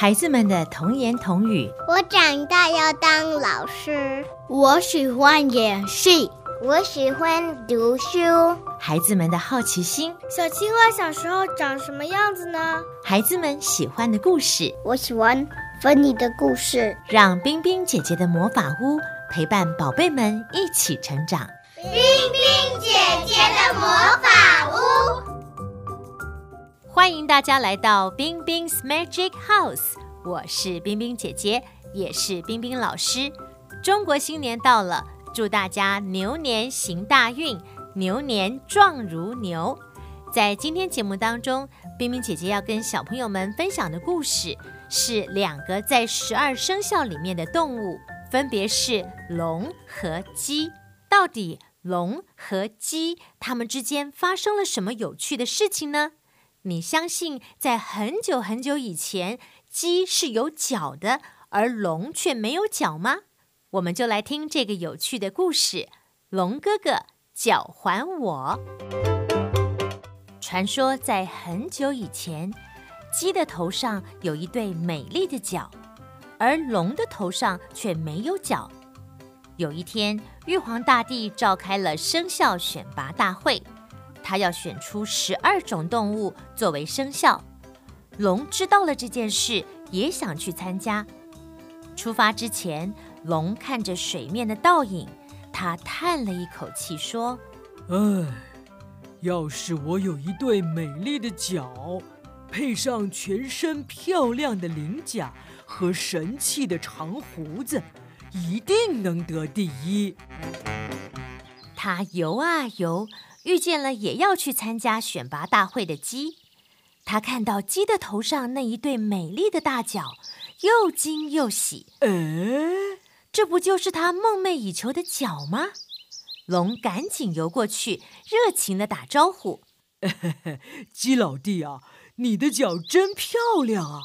孩子們的童言童語：我長大要當老師，我喜歡演戲，我喜歡讀書。孩子們的好奇心：小青蛙小時候長什麼樣子呢？孩子們喜歡的故事：我喜歡分你的故事，讓冰冰姐姐的魔法屋陪伴寶貝們一起成長。冰冰姐姐的魔法屋。大家來到冰冰 's Magic House，我是冰冰姐姐，也是冰冰老師。中國新年到了，祝大家牛年行大運，牛年壯如牛。在今天節目當中，冰冰姐姐要跟小朋友們分享的故事是兩個在十二生肖裡面的動物，分別是龍和雞。到底龍和雞它們之間發生了什麼有趣的事情呢？你相信，在很久很久以前，雞是有角的，而龍卻沒有角嗎？我們就來聽這個有趣的故事《龍哥哥，角還我》。傳說在很久以前，雞的頭上有一對美麗的角，而龍的頭上卻沒有角。有一天，玉皇大帝召開了生肖選拔大會。他要選出十二種動物作為生肖。龍知道了這件事，也想去參加。出發之前，龍看着水面的倒影，他嘆了一口氣，說：“唉，要是我有一對美麗的角，配上全身漂亮的鱗甲和神奇的長鬍子，一定能得第一。”他遊啊遊。遇見了也要去參加選拔大會的雞，他看到雞的頭上那一對美麗的大角，又驚又喜。誒、哎，這不就是他夢寐以求的角嗎？龍趕緊游過去，熱情地打招呼、哎：“雞老弟啊，你的角真漂亮啊，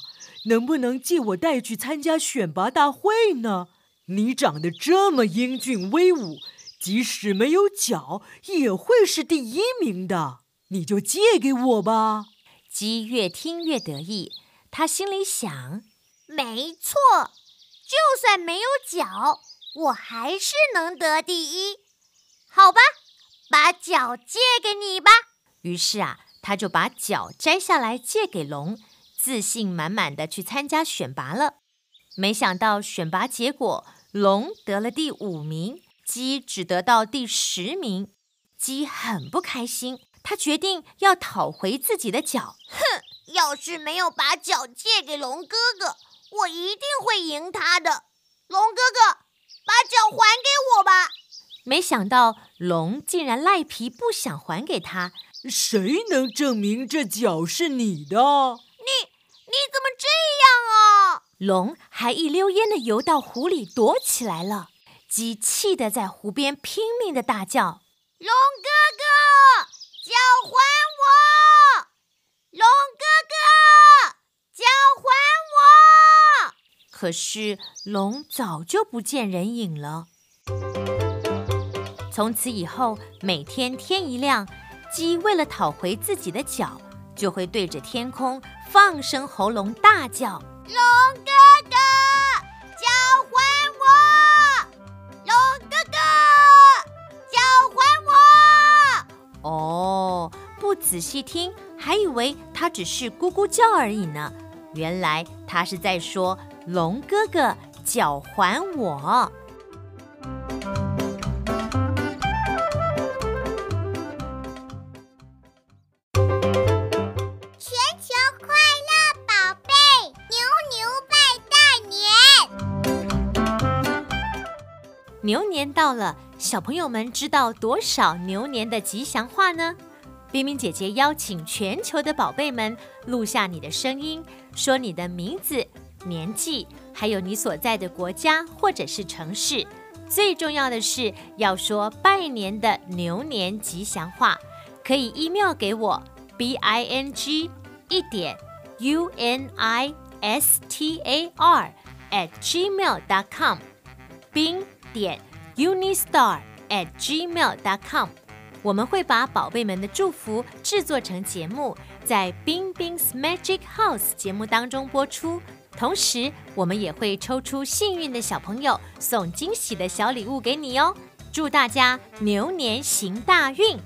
能不能借我帶去參加選拔大會呢？你長得這麼英俊威武。”即使沒有角，也會是第一名的。你就借給我吧。雞越聽越得意，他心裡想：沒錯，就算沒有角，我還是能得第一。好吧，把角借給你吧。於是啊，他就把角摘下來借給龍，自信滿滿的去參加選拔了。沒想到選拔結果，龍得了第五名。雞只得到第十名，雞很不開心，他決定要討回自己的角。哼，要是沒有把角借給龍哥哥，我一定會贏他的。龍哥哥，把角還給我吧！沒想到龍竟然賴皮，不想還給他。誰能證明這角是你的？你，你怎麼這樣啊？龍還一溜煙的游到湖裡躲起來了。雞氣得在湖邊拼命的大叫：“龍哥哥，角還我！龍哥哥，角還我！”可是龍早就不見人影了。從此以後，每天天一亮，雞為了討回自己的角，就會對着天空放聲喉嚨大叫：“龍哥！”哦，不仔細聽，還以為他只是咕咕叫而已呢。原來他是在說：“龍哥哥，角還我。”全球快樂寶貝，牛牛拜大年。牛年到了。小朋友們知道多少牛年的吉祥話呢？冰冰姐姐邀請全球的寶貝們錄下你的聲音，說你的名字、年紀，還有你所在的國家或者是城市。最重要的是要說拜年的牛年吉祥話，可以 email 給我 b i n g 一點 u n i s t a r at gmail dot com，冰點。unistar@gmail.com，我們會把寶貝們的祝福製作成節目，在《冰冰 's Magic House》節目當中播出。同時，我們也會抽出幸運的小朋友，送驚喜的小禮物給你哦！祝大家牛年行大運！